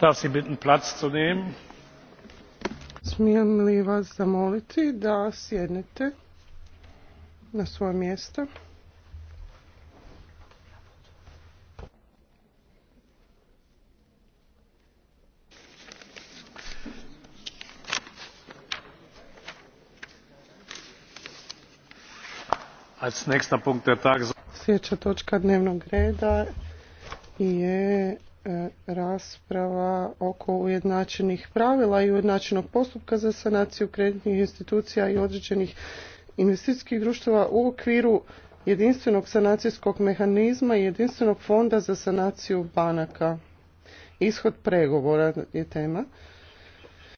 darf sie bitten platz zu nehmen. smijem li vas zamoliti da sjednete na svoja mjesta? Sljedeća točka dnevnog reda je E, rasprava oko ujednačenih pravila i ujednačenog postupka za sanaciju kreditnih institucija i određenih investicijskih društava u okviru jedinstvenog sanacijskog mehanizma i jedinstvenog fonda za sanaciju banaka. Ishod pregovora je tema.